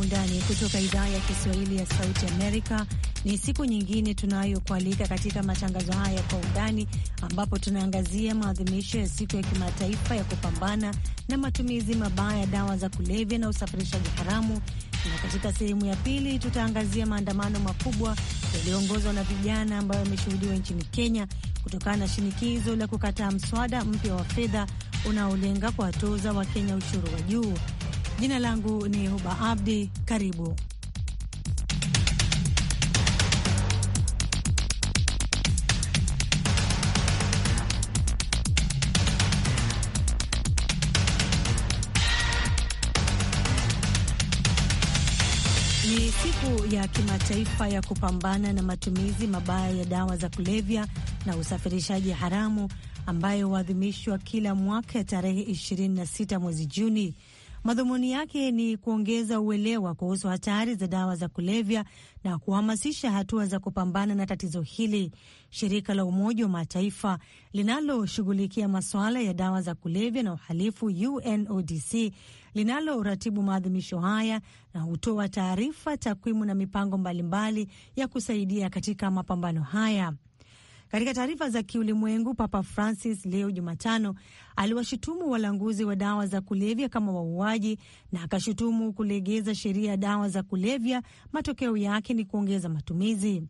undani kutoka idhaa ya Kiswahili ya Sauti Amerika. Ni siku nyingine tunayokualika katika matangazo haya kwa undani, ambapo tunaangazia maadhimisho ya siku ya kimataifa ya kupambana na matumizi mabaya ya dawa za kulevya na usafirishaji haramu, na katika sehemu ya pili tutaangazia maandamano makubwa yaliyoongozwa na vijana ambayo yameshuhudiwa nchini Kenya kutokana na shinikizo la kukataa mswada mpya wa fedha unaolenga kuwatoza Wakenya ushuru wa juu. Jina langu ni Huba Abdi. Karibu. Ni siku ya kimataifa ya kupambana na matumizi mabaya ya dawa za kulevya na usafirishaji haramu ambayo huadhimishwa kila mwaka tarehe 26 mwezi Juni. Madhumuni yake ni kuongeza uelewa kuhusu hatari za dawa za kulevya na kuhamasisha hatua za kupambana na tatizo hili. Shirika la Umoja wa Mataifa linaloshughulikia masuala ya dawa za kulevya na uhalifu UNODC linaloratibu maadhimisho haya na hutoa taarifa, takwimu na mipango mbalimbali ya kusaidia katika mapambano haya. Katika taarifa za kiulimwengu, Papa Francis leo Jumatano aliwashutumu walanguzi wa dawa za kulevya kama wauaji na akashutumu kulegeza sheria ya dawa za kulevya, matokeo yake ni kuongeza matumizi.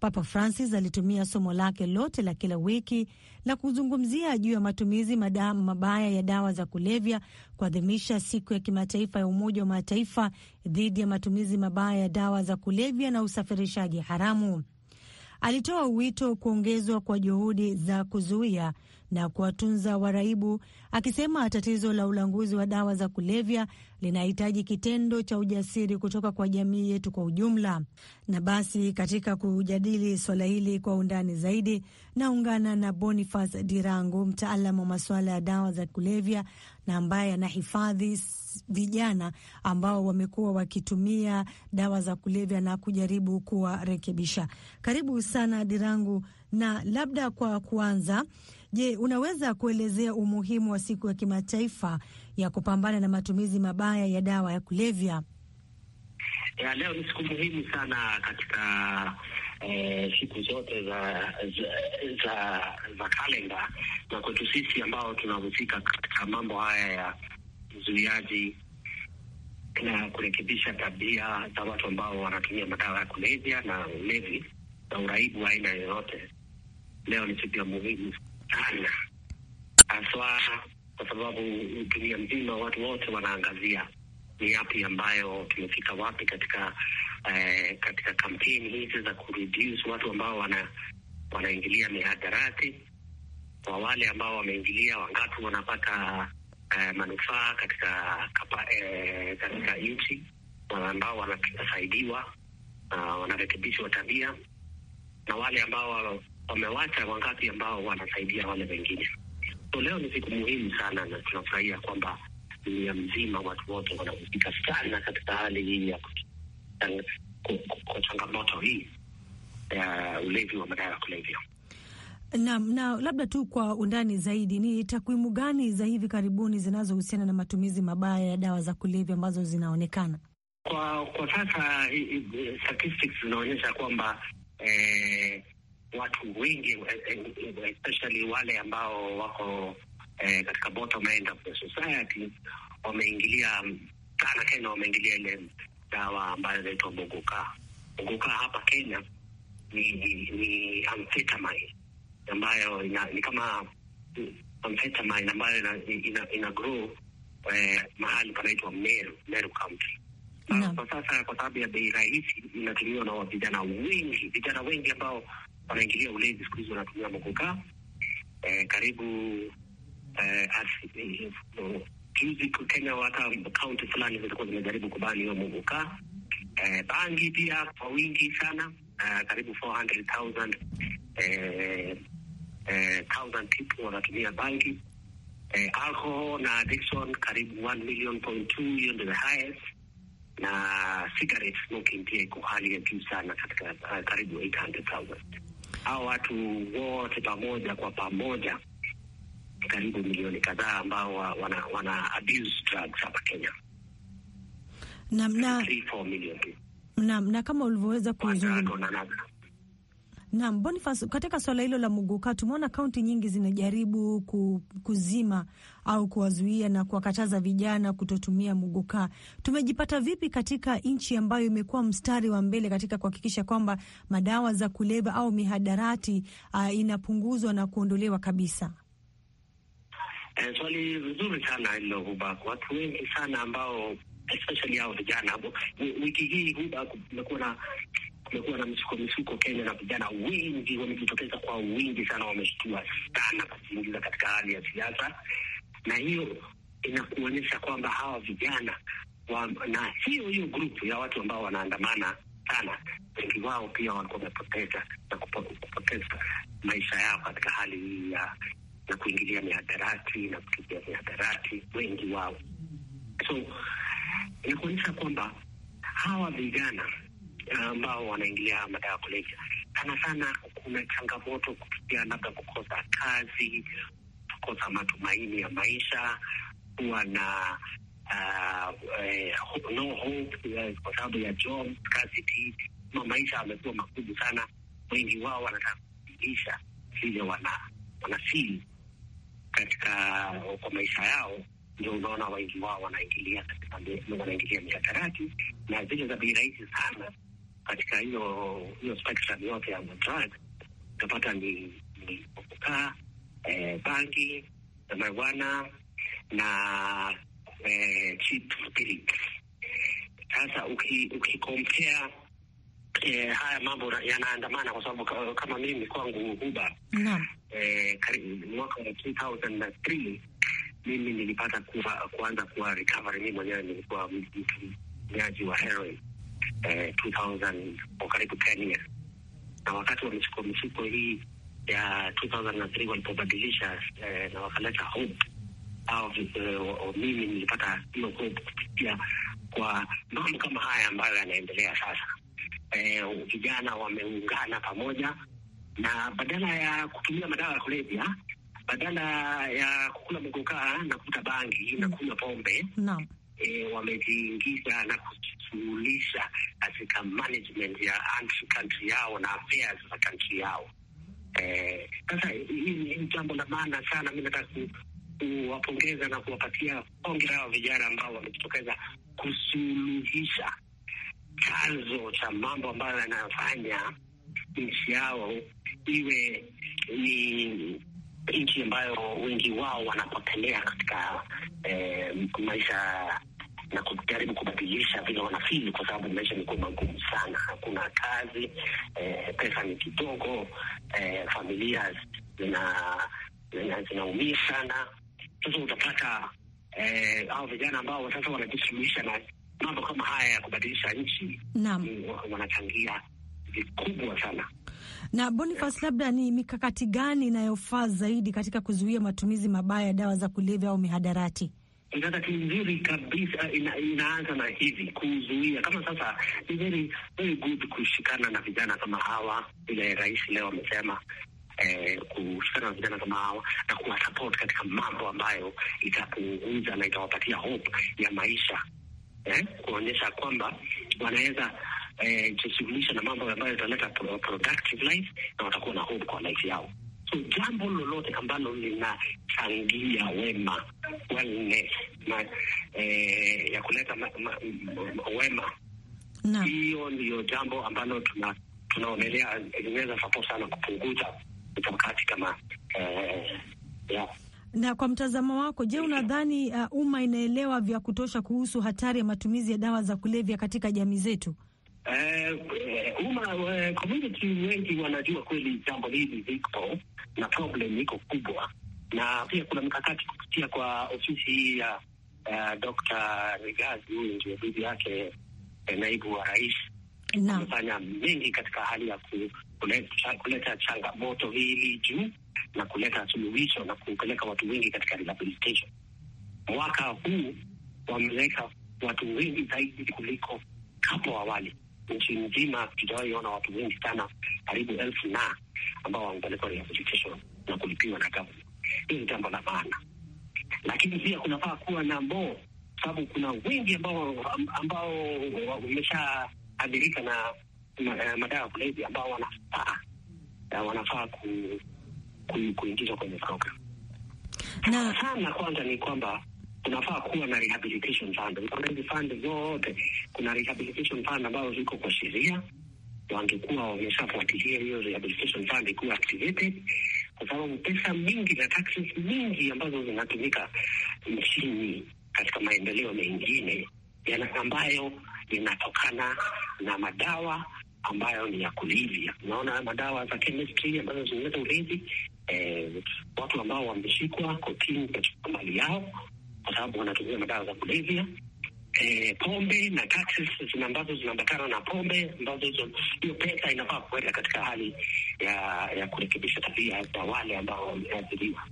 Papa Francis alitumia somo lake lote la kila wiki la kuzungumzia juu ya matumizi madamu mabaya ya dawa za kulevya kuadhimisha siku ya kimataifa ya Umoja wa Mataifa dhidi ya matumizi mabaya ya dawa za kulevya na usafirishaji haramu alitoa wito kuongezwa kwa juhudi za kuzuia na kuwatunza waraibu, akisema tatizo la ulanguzi wa dawa za kulevya linahitaji kitendo cha ujasiri kutoka kwa jamii yetu kwa ujumla. Na basi katika kujadili swala hili kwa undani zaidi, naungana na bonifas Dirangu, mtaalamu wa masuala ya dawa za kulevya na ambaye anahifadhi vijana ambao wamekuwa wakitumia dawa za kulevya na kujaribu kuwarekebisha. Karibu sana Dirangu, na labda kwa kuanza Je, unaweza kuelezea umuhimu wa siku ya kimataifa ya kupambana na matumizi mabaya ya dawa ya kulevya? Ya, leo ni siku muhimu sana katika eh, siku zote za za, za, za kalenda na kwetu sisi ambao tunahusika katika mambo haya ya uzuiaji na kurekebisha tabia za watu ambao wanatumia madawa ya kulevya na ulevi na uraibu wa aina yoyote. Leo ni siku ya muhimu sana, haswa kwa sababu dunia mzima watu wote wanaangazia ni yapi ambayo tumefika wapi katika eh, katika kampeni hizi za kureduce watu ambao wana wanaingilia mihadarati. Kwa wale ambao wameingilia, wangapi wanapata eh, manufaa katika eh, katika nchi, ambao wanasaidiwa, uh, wanarekebishwa tabia, na wale ambao wamewacha wangapi ambao wanasaidia wale wengine. So leo ni siku muhimu sana, na tunafurahia kwamba dunia mzima watu wote wanahusika sana katika hali hii ya kwa changamoto hii ya ulevi wa madawa ya kulevya. Naam, na labda tu kwa undani zaidi, ni takwimu gani za hivi karibuni zinazohusiana na matumizi mabaya ya dawa za kulevya ambazo zinaonekana kwa kwa sasa? Statistics zinaonyesha kwamba eh, watu wengi eh, eh, especially wale ambao wako eh, katika bottom end of the society wameingilia sana. Kenya wameingilia ile dawa ambayo inaitwa bungukaa. Bungukaa hapa Kenya ni, ni, ni amphetamine ambayo ina, ni kama amphetamine ambayo ina, ina, ina grow eh, mahali panaitwa Meru, Meru County. Kwa sasa kwa sababu ya bei rahisi inatumiwa na vijana wengi, vijana wengi ambao wanaingilia ulevi, siku hizi wanatumia makokaa eh, karibu eh, eh, eh juzi Kenya hata kaunti fulani zilikuwa zimejaribu kubani hiyo muguka eh, bangi pia kwa wingi sana eh, karibu 400,000 eh, eh, people wanatumia bangi eh, alcohol na addiction karibu 1 million point 2, hiyo ndio the highest, na cigarette smoking pia iko hali ya juu sana katika uh, karibu 800,000 au watu wote pamoja kwa pamoja karibu milioni kadhaa ambao wana, wana abuse drugs hapa Kenya. na, Naam, na, na kama ulivyoweza kuzungumza Naam, Boniface, katika swala hilo la muguka tumeona kaunti nyingi zinajaribu kuzima au kuwazuia na kuwakataza vijana kutotumia muguka. Tumejipata vipi katika nchi ambayo imekuwa mstari wa mbele katika kuhakikisha kwamba madawa za kuleva au mihadarati uh, inapunguzwa na kuondolewa kabisa? Eh, swali vizuri sana hilo Huba. Watu wengi sana ambao especially hao vijana wiki hii Huba kumekuwa na kumekuwa na misuko misuko Kenya na vijana wingi wamejitokeza kwa wingi sana, wameshtua sana kujiingiza katika hali ya siasa, na hiyo inakuonyesha kwamba hawa vijana wa, na hiyo hiyo grupu ya watu ambao wanaandamana sana, wengi wao pia walikuwa wamepoteza na kupoteza maisha yao katika hali hii ya na kuingilia mihadarati na kukimbia mihadarati, wengi wao. So inakuonyesha kwamba hawa vijana Eh, ambao wanaingilia madawa ya kulevya. Sana sana kuna changamoto kupitia labda kukosa kazi, kukosa matumaini ya maisha, kuwa na Uh, uh, no hope eh, kwa sababu ya job scarcity, ma maisha amekuwa makubwa sana. Wengi wao wanataka kubadilisha vile wana wanafili katika kwa maisha yao, ndio unaona wengi wao wanaingilia katika wanaingilia mihadarati na zile za bei rahisi sana katika hiyo hiyo spectrum yote ya drug utapata ni kukaa eh, bangi na marijuana na eh, cheap spirit. Sasa ukikompea eh, haya mambo yanaandamana, kwa sababu kama mimi kwangu huba eh, mwaka wa 2003 mimi nilipata kuwa, kuanza kuwa recovery. Mimi mwenyewe nilikuwa mtumiaji wa heroin eh, 2000 kwa karibu 10 years, na wakati wamechukua mifuko hii ya 2003 walipobadilisha eh, na wakaleta hope au eh, mimi nilipata hiyo hope kupitia kwa mambo kama haya ambayo yanaendelea sasa. Eh, vijana wameungana pamoja na badala ya kutumia madawa ya kulevya, badala ya kukula mgokaa na kuvuta bangi na kunywa pombe no. E, eh, wamejiingiza na kujishughulisha katika management ya country yao na affairs za country yao. Eh, sasa hii ni jambo la maana sana. Mi nataka kuwapongeza na kuwapatia hongera hawa vijana ambao wamejitokeza kusuluhisha chanzo cha mambo ambayo yanayofanya nchi yao iwe ni nchi ambayo wengi wao wanapotelea katika eh, maisha na kujaribu kubadilisha vile wanafili, kwa sababu maisha imekuwa magumu sana, hakuna kazi eh, pesa ni kidogo eh, familia zinaumia sana. Sasa utapata eh, au vijana ambao sasa wanajishughulisha na mambo kama haya ya kubadilisha nchi wanachangia vikubwa sana na Boniface, labda ni mikakati gani inayofaa zaidi katika kuzuia matumizi mabaya ya dawa za kulevya au mihadarati? Mikakati mizuri kabisa ina, inaanza na hivi kuzuia kama sasa ni very, very good kushikana na vijana kama hawa, vile rais leo amesema Eh, kushikana na vijana kama hawa na kuwasapoti katika mambo ambayo itapunguza na itawapatia hope ya maisha eh, kuonyesha kwamba wanaweza eh, jishughulisha na mambo ambayo italeta productive life na watakuwa na hope kwa maisha yao. So jambo lolote ambalo linachangia wema wellness, ma, eh, ya kuleta ma, ma, wema hiyo no. Ndiyo jambo ambalo tuna tunaonelea linaweza sapo sana kupunguza mkakati kama eh, Na kwa mtazamo wako, je, unadhani uh, umma uh, inaelewa vya kutosha kuhusu hatari ya matumizi ya dawa za kulevya katika jamii zetu? Eh, umma eh, community wengi wanajua kweli jambo hili liko na problem iko kubwa, na pia kuna mikakati kupitia kwa ofisi hii ya uh, eh, Dr. Rigathi, huyu ndio bibi yake naibu wa rais, amefanya mengi katika hali ya kuleta, kuleta changamoto hili juu na kuleta suluhisho na kupeleka watu wengi katika rehabilitation. Mwaka huu wameweka watu wengi zaidi kuliko hapo awali nchi nzima tujawahi ona watu wengi sana karibu elfu na ambao wamepelekwa rehabilitation na kulipiwa na government. Hii ni jambo la maana, lakini pia kunafaa kuwa na mboo, sababu kuna wengi ambao ambao wameshaadhirika na eh, madawa ya kulevya ambao wanafaa eh, wanafaa ku, ku, kuingizwa kwenye program na sana. Kwanza ni kwamba kunafaa kuwa na rehabilitation fund. Kuna hizi fund zote, kuna rehabilitation fund ambazo ziko kwa sheria, wangekuwa wameshafuatilia hiyo rehabilitation fund ikuwa activated, kwa sababu pesa mingi na taxes mingi ambazo zinatumika nchini katika maendeleo mengine yana ambayo inatokana na madawa ambayo ni ya kulivya. Unaona, madawa za chemistry ambazo zinaleta ulezi eh, watu ambao wameshikwa kotini kachukua mali yao kwa sababu wanatumia madawa za kulevya E, pombe na taxes zina ambazo zinaambatana na pombe ambazo hizo hiyo pesa inafaa kuenda katika hali ya ya kurekebisha tabia za wale ambao wameathiriwa.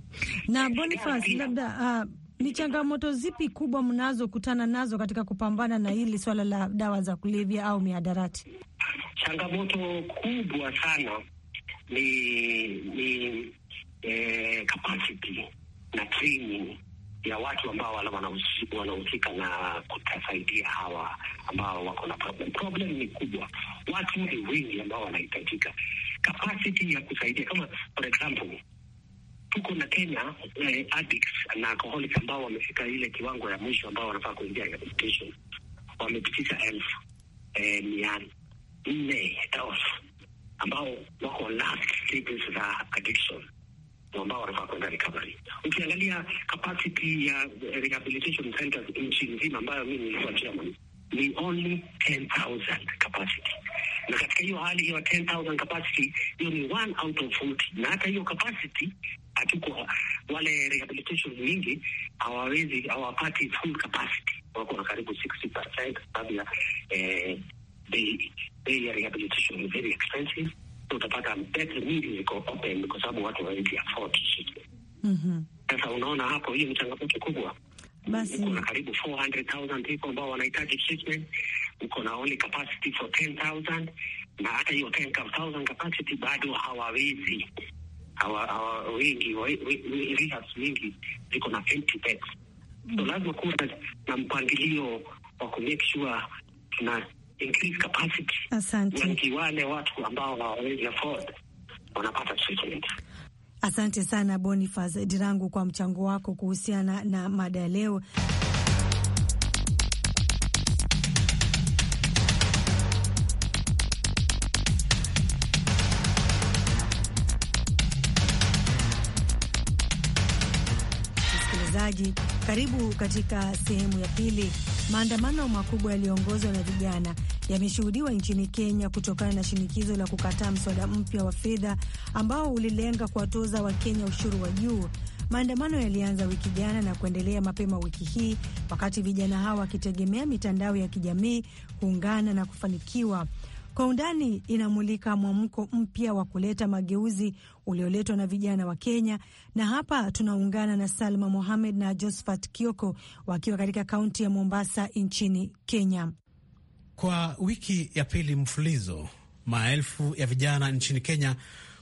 Na eh, Boniface, labda uh, ni changamoto zipi kubwa mnazokutana nazo katika kupambana na hili swala la dawa za kulevya au mihadarati? Changamoto kubwa sana ni ni eh, capacity na training ya watu ambao wanahusika na kutasaidia hawa ambao wako na problem. Problem ni kubwa, watu ni wengi ambao wanahitajika capacity ya kusaidia. Kama for example tuko na Kenya eh, addicts na alcoholics ambao wamefika ile kiwango ya mwisho ambao wanafaa kuingia rehabilitation, wamepitisha elfu eh, mia nne ambao wako last stages za addiction ambao wanafaa kwenda recovery. Ukiangalia capacity ya eh, rehabilitation centers nchi nzima ambayo mimi nilikuwa chairman ni only 10,000 capacity, na katika hiyo hali hiyo 10,000 capacity hiyo ni one out of 40, na hata hiyo capacity hatuko wale rehabilitation nyingi hawawezi hawapati full capacity, wako na karibu 60% sababu ya eh, bei ya rehabilitation ni very expensive utapata beti mingi ziko open kwa sababu watu hawawezi afford. Mhm. Sasa unaona hapo, hii ni changamoto kubwa. Basi kuna karibu 400,000 people ambao wanahitaji treatment, uko na only capacity for 10,000 na hata hiyo 10,000 capacity bado hawawezi hawa, hawa wengi rehabs mingi ziko na empty beds, so mm. lazima kuwa na mpangilio wa kumake sure tuna increase capacity. Asante. Wengi Wale watu ambao hawawezi afford wanapata treatment. Asante sana Boniface Dirangu kwa mchango wako kuhusiana na mada ya leo. Msikilizaji, karibu katika sehemu ya pili Maandamano makubwa yaliyoongozwa na vijana yameshuhudiwa nchini Kenya kutokana na shinikizo la kukataa mswada mpya wa fedha ambao ulilenga kuwatoza Wakenya ushuru wa juu. Maandamano yalianza wiki jana na kuendelea mapema wiki hii, wakati vijana hawa wakitegemea mitandao ya kijamii kuungana na kufanikiwa kwa Undani inamulika mwamko mpya wa kuleta mageuzi ulioletwa na vijana wa Kenya, na hapa tunaungana na Salma Mohamed na Josphat Kioko wakiwa katika kaunti ya Mombasa nchini Kenya. Kwa wiki ya pili mfululizo, maelfu ya vijana nchini Kenya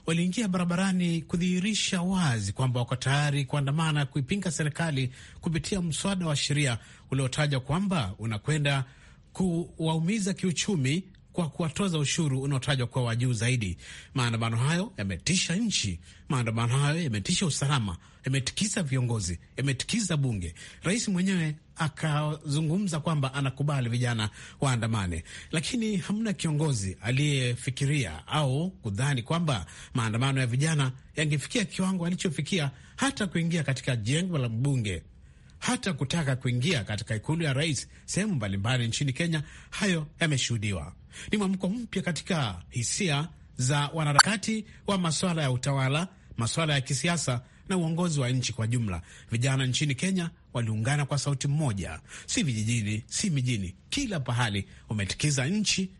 waliingia barabarani kudhihirisha wazi kwamba wako tayari kuandamana kuipinga serikali kupitia mswada wa sheria uliotajwa kwamba unakwenda kuwaumiza kiuchumi kwa kuwatoza ushuru unaotajwa kuwa wa juu zaidi. Maandamano hayo yametisha nchi, maandamano hayo yametisha usalama, yametikisa viongozi, yametikisa bunge. Rais mwenyewe akazungumza kwamba anakubali vijana waandamane, lakini hamna kiongozi aliyefikiria au kudhani kwamba maandamano ya vijana yangefikia kiwango alichofikia hata kuingia katika jengo la bunge hata kutaka kuingia katika ikulu ya rais sehemu mbalimbali nchini Kenya. Hayo yameshuhudiwa, ni mwamko mpya katika hisia za wanaharakati wa masuala ya utawala, masuala ya kisiasa na uongozi wa nchi kwa jumla. Vijana nchini Kenya waliungana kwa sauti mmoja, si vijijini, si mijini, kila pahali umetikiza nchi.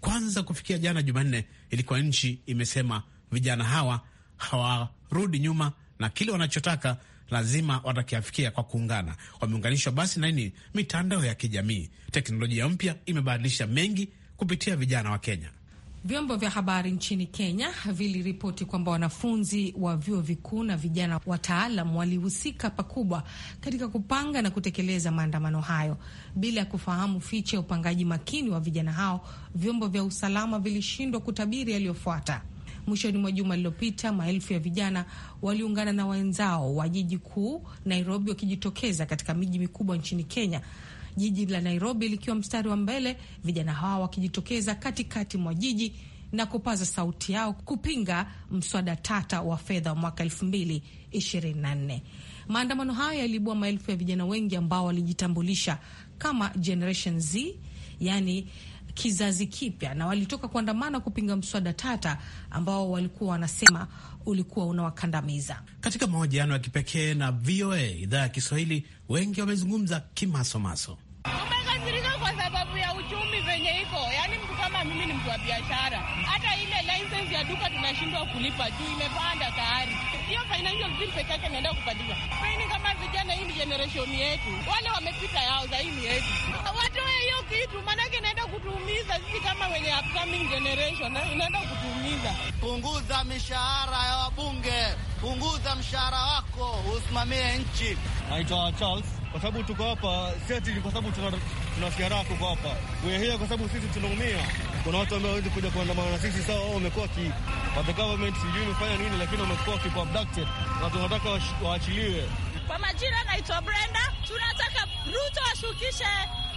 Kwanza kufikia jana Jumanne, ilikuwa nchi imesema vijana hawa hawarudi nyuma na kile wanachotaka lazima watakiafikia kwa kuungana. Wameunganishwa basi na nini? Mitandao ya kijamii. Teknolojia mpya imebadilisha mengi kupitia vijana wa Kenya. Vyombo vya habari nchini Kenya viliripoti kwamba wanafunzi wa vyuo vikuu na vijana wataalam walihusika pakubwa katika kupanga na kutekeleza maandamano hayo. Bila ya kufahamu ficha ya upangaji makini wa vijana hao, vyombo vya usalama vilishindwa kutabiri yaliyofuata. Mwishoni mwa juma lililopita, maelfu ya vijana waliungana na wenzao wa jiji kuu Nairobi, wakijitokeza katika miji mikubwa nchini Kenya, jiji la Nairobi likiwa mstari wa mbele, vijana hawa wakijitokeza katikati mwa jiji na kupaza sauti yao kupinga mswada tata wa fedha wa mwaka 2024. Maandamano hayo yaliibua maelfu ya vijana wengi ambao walijitambulisha kama Generation Z, yani kizazi kipya na walitoka kuandamana kupinga mswada tata ambao walikuwa wanasema ulikuwa unawakandamiza. Katika mahojiano ya kipekee na VOA idhaa ya Kiswahili, wengi wamezungumza kimasomaso. Umekasirika kwa sababu ya uchumi venye iko, yaani mtu kama mimi ni mtu wa biashara, hata ile lisensi ya duka tunashindwa kulipa juu imepanda tayari. Hiyo financial bill peke yake inaenda kupandika. Kama vijana, hii ni generation yetu, wale wamepita yao, za hii ni yetu watu hiyo kitu, maanake inaenda kutuumiza sisi kama wenye upcoming generation, eh, inaenda kutuumiza. Punguza mishahara ya wabunge, punguza mshahara wako, usimamie nchi. Naitwa Charles. Kwa sababu tuko hapa seti, kwa sababu tunasikia raha, tuko hapa wehia, kwa sababu sisi tunaumia. Kuna watu ambao wawezi kuja kuandamana na sisi, sawa, wao wamekuwa ki the government, sijui imefanya nini, lakini wamekuwa kipo abducted na tunataka waachiliwe. Kwa majina naitwa Brenda, tunataka Ruto ashukishe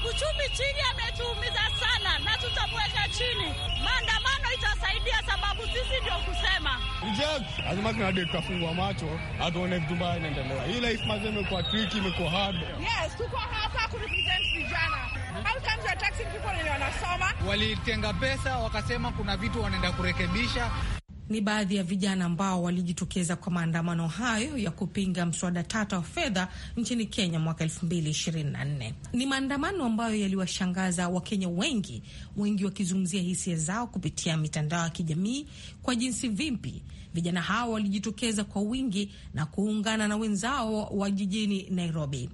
Uchumi chini ametuumiza sana, na tutamweka chini. Maandamano itasaidia, sababu sisi ndio kusema lazima tunade, tukafungwa macho atuone vitu mbaya inaendelea. Hii life mazee imekuwa tricky, imekuwa hard. Yes, tuko hapa kurepresent vijana wanasoma, walitenga pesa wakasema kuna vitu wanaenda kurekebisha ni baadhi ya vijana ambao walijitokeza kwa maandamano hayo ya kupinga mswada tata wa fedha nchini Kenya mwaka 2024. Ni maandamano ambayo yaliwashangaza Wakenya wengi, wengi wakizungumzia hisia zao kupitia mitandao ya kijamii kwa jinsi vipi vijana hao walijitokeza kwa wingi na kuungana na wenzao wa jijini Nairobi.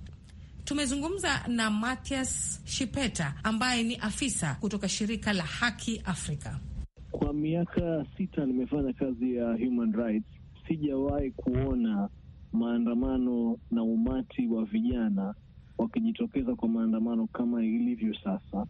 Tumezungumza na Matias Shipeta ambaye ni afisa kutoka shirika la Haki Afrika. Kwa miaka sita nimefanya kazi ya human rights, sijawahi kuona maandamano na umati wa vijana wakijitokeza kwa maandamano kama ilivyo sasa.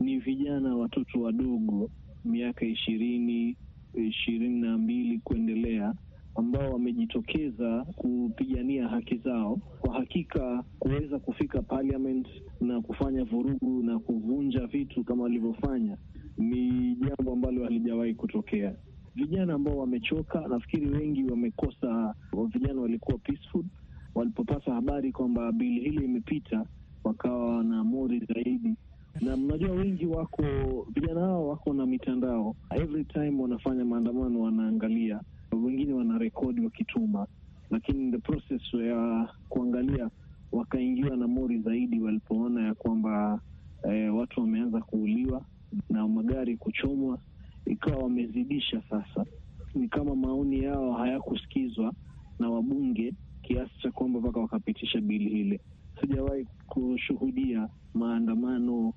Ni vijana, watoto wadogo, miaka ishirini ishirini na mbili kuendelea ambao wamejitokeza kupigania haki zao. Kwa hakika kuweza kufika parliament na kufanya vurugu na kuvunja vitu kama walivyofanya ni jambo ambalo halijawahi kutokea. Vijana ambao wamechoka, nafikiri wengi wamekosa, vijana walikuwa peaceful, walipopata habari kwamba bili hili imepita, wakawa na mori zaidi na mnajua wengi wako vijana hao wako na mitandao, every time wanafanya maandamano, wanaangalia, wengine wanarekodi wakituma, lakini the process ya kuangalia wakaingiwa na mori zaidi walipoona ya kwamba eh, watu wameanza kuuliwa na magari kuchomwa, ikawa wamezidisha sasa. Ni kama maoni yao hayakusikizwa na wabunge kiasi cha kwamba mpaka wakapitisha bili hile. Sijawahi kushuhudia maandamano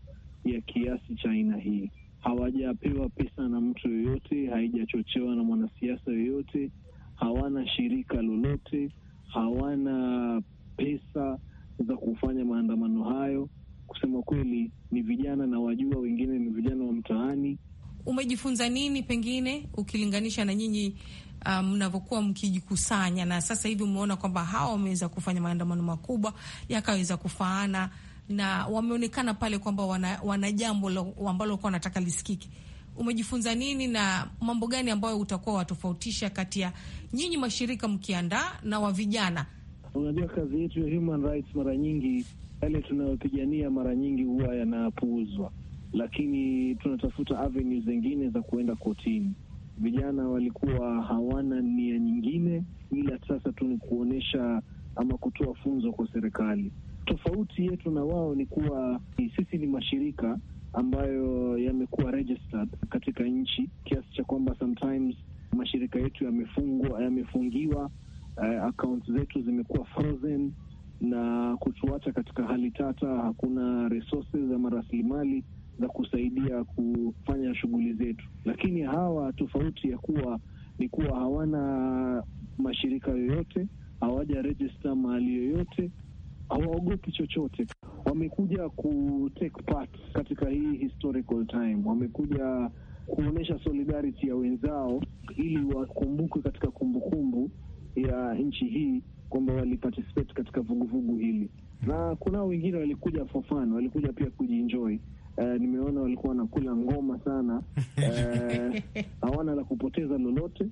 ya kiasi cha aina hii. Hawajapewa pesa na mtu yoyote, haijachochewa na mwanasiasa yoyote, hawana shirika lolote, hawana pesa za kufanya maandamano hayo kusema kweli ni vijana na wajua, wengine ni vijana wa mtaani. Umejifunza nini pengine ukilinganisha na nyinyi uh, mnavyokuwa um, mkijikusanya na sasa hivi umeona kwamba hawa wameweza kufanya maandamano makubwa yakaweza kufaana na wameonekana pale kwamba wana, wana jambo ambalo walikuwa wanataka lisikike. Umejifunza nini na mambo gani ambayo utakuwa watofautisha kati ya nyinyi mashirika mkiandaa na wa vijana? Unajua, kazi yetu ya human rights mara nyingi yale tunayopigania mara nyingi huwa yanapuuzwa, lakini tunatafuta avenues zingine za kuenda kotini. Vijana walikuwa hawana nia nyingine, ila sasa tu ni kuonyesha ama kutoa funzo kwa serikali. Tofauti yetu na wao ni kuwa sisi ni mashirika ambayo yamekuwa registered katika nchi, kiasi cha kwamba sometimes mashirika yetu yamefungwa, yamefungiwa, uh, eh, akaunti zetu zimekuwa frozen na kutuacha katika hali tata. Hakuna resources ama rasilimali za kusaidia kufanya shughuli zetu, lakini hawa tofauti ya kuwa ni kuwa hawana mashirika yoyote, hawaja register mahali yoyote, hawaogopi chochote. Wamekuja ku take part katika hii historical time, wamekuja kuonyesha solidarity ya wenzao ili wakumbukwe katika kumbukumbu ya nchi hii kwamba waliparticipate katika vuguvugu hili, na kunao wengine walikuja for fun, walikuja pia kujienjoy. Uh, nimeona walikuwa wanakula ngoma sana, eh, hawana uh, la kupoteza lolote,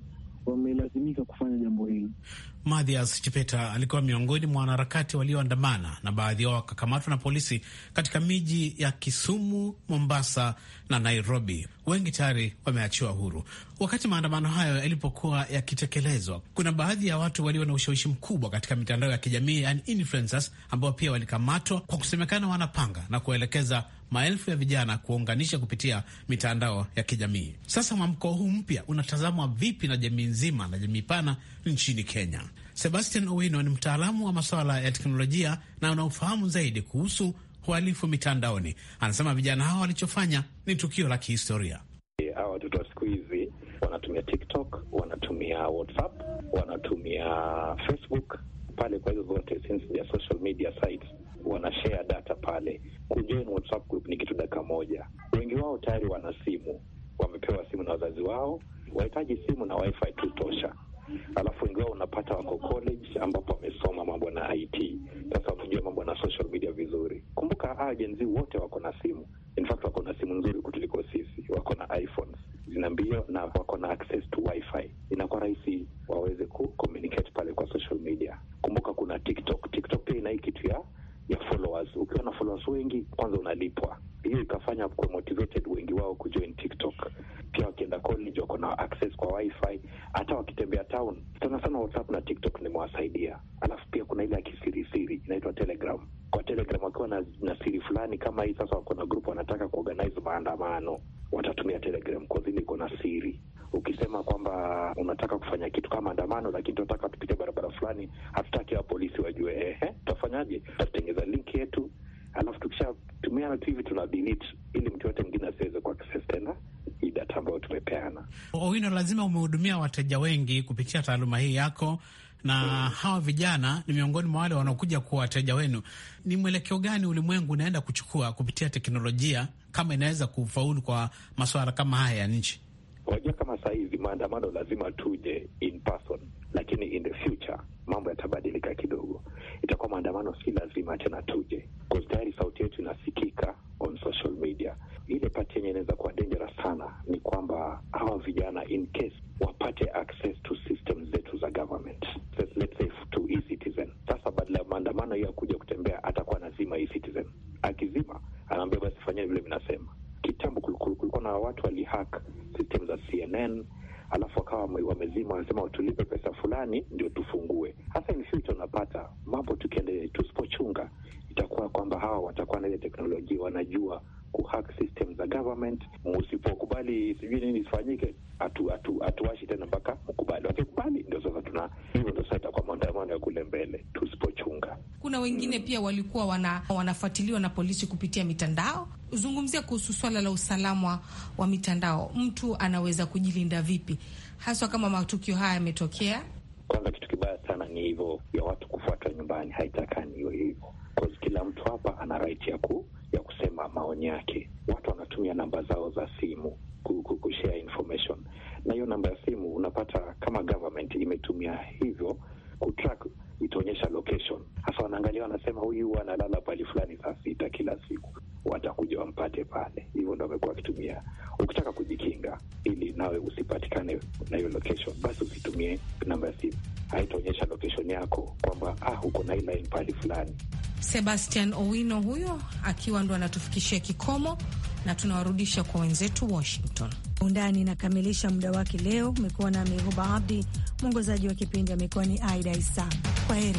wamelazimika kufanya jambo hili. Mathias Chipeta alikuwa miongoni mwa wanaharakati walioandamana na baadhi yao wakakamatwa na polisi katika miji ya Kisumu, Mombasa na Nairobi. Wengi tayari wameachiwa huru. Wakati maandamano hayo yalipokuwa yakitekelezwa, kuna baadhi ya watu walio na ushawishi mkubwa katika mitandao ya kijamii, yani influencers, ambao pia walikamatwa kwa kusemekana wanapanga na kuelekeza maelfu ya vijana kuunganisha kupitia mitandao ya kijamii. Sasa mwamko huu mpya unatazamwa vipi na jamii nzima na jamii pana nchini Kenya? Sebastian Owino ni mtaalamu wa masuala ya teknolojia na unaofahamu zaidi kuhusu uhalifu mitandaoni. Anasema vijana hawa walichofanya ni tukio la kihistoria. Hawa watoto wa siku hizi wanatumia TikTok, wanatumia WhatsApp, wanatumia Facebook pale, kwa hizo zote social media sites wanashare data pale. Kujoin WhatsApp group ni kitu dakika moja. Wengi wao tayari wana simu, wamepewa simu na wazazi wao, wahitaji simu na wifi tu tosha. Alafu wengi wao unapata wako college ambapo wamesoma mambo na IT, sasa wamejua mambo na social media vizuri. Kumbuka agenzi ah, wote wako na simu, in fact wako na simu nzuri kutuliko sisi, wako na iPhones zina mbio na wako na access to wifi, inakuwa rahisi waweze ku communicate pale kwa social media. Kumbuka kuna TikTok. TikTok pia ina hii kitu ya ya followers. Ukiwa na followers wengi, kwanza unalipwa. Hiyo ikafanya motivated wengi wao kujoin TikTok. Pia wakienda college wako na access kwa wifi, hata wakitembea town. Sana sana WhatsApp na TikTok nimewasaidia. Alafu pia kuna ile ya kisirisiri inaitwa Telegram. Kwa Telegram wakiwa na, na siri fulani kama hii, sasa wako na group wanataka kuorganize maandamano, watatumia Telegram kwa zile iko na siri ukisema kwamba unataka kufanya kitu kama maandamano, lakini tunataka tupite barabara fulani, hatutaki hao polisi wajue. Ehe, tutafanyaje? Tutatengeza linki yetu, alafu tukishatumiana tu hivi tuna delete, ili mtu yote mwingine asiweze ku tena hii data ambayo tumepeana. Owino, lazima umehudumia wateja wengi kupitia taaluma hii yako na mm, hawa vijana ni miongoni mwa wale wanaokuja kuwa wateja wenu. Ni mwelekeo gani ulimwengu unaenda kuchukua kupitia teknolojia, kama inaweza kufaulu kwa masuala kama haya ya nchi? Wajua, sasa hivi maandamano lazima tuje in person, lakini in the future mambo yatabadilika kidogo, itakuwa maandamano si lazima tena tuje, because tayari sauti yetu inasikika on social media. Ile pati yenye inaweza kuwa dangerous sana ni kwamba hawa vijana in case wapate access to system zetu za government, let's say to e-citizen. Sasa badala ya maandamano hiyo akuja kutembea, atakuwa nazima e-citizen. Akizima anaambia basi fanyeni vile vinasema. Kitambo kulikuwa na watu walihack timu za CNN alafu akawa wamezima, wanasema tulipe pesa fulani ndio tufungue. Hasa in future unapata mambo, tukiendelea tusipochunga, itakuwa kwamba hawa watakuwa na ile teknolojia, wanajua kuhack system za government. Musipokubali sijui nini isifanyike, hatuwashi tena mpaka mkubali. Wakikubali ndio sasa tuna hivyo, ndio sasa itakuwa maandamano ya kule mbele tusipo kuna wengine pia walikuwa wana, wanafuatiliwa na polisi kupitia mitandao. Zungumzia kuhusu swala la usalama wa mitandao, mtu anaweza kujilinda vipi haswa kama matukio haya yametokea? Kwanza kitu kibaya sana ni hivyo ya watu kufuatwa nyumbani, haitakani iwe hivyo. Kila mtu hapa ana right ya ku, ya kusema maoni yake. Watu wanatumia namba zao za simu kushare information, na hiyo namba ya simu unapata kama government imetumia hivi huyu analala pahali fulani saa sita kila siku, watakuja wampate pale. Hivyo ndo amekuwa akitumia. Ukitaka kujikinga ili nawe usipatikane na hiyo location, basi usitumie namba ya simu, haitaonyesha location yako kwamba ah, uko na ile pahali fulani. Sebastian Owino huyo akiwa ndo anatufikishia kikomo na tunawarudisha kwa wenzetu Washington. Undani inakamilisha muda wake leo. Umekuwa nami Huba Abdi, mwongozaji wa kipindi amekuwa ni Aida Isa. Kwa heri.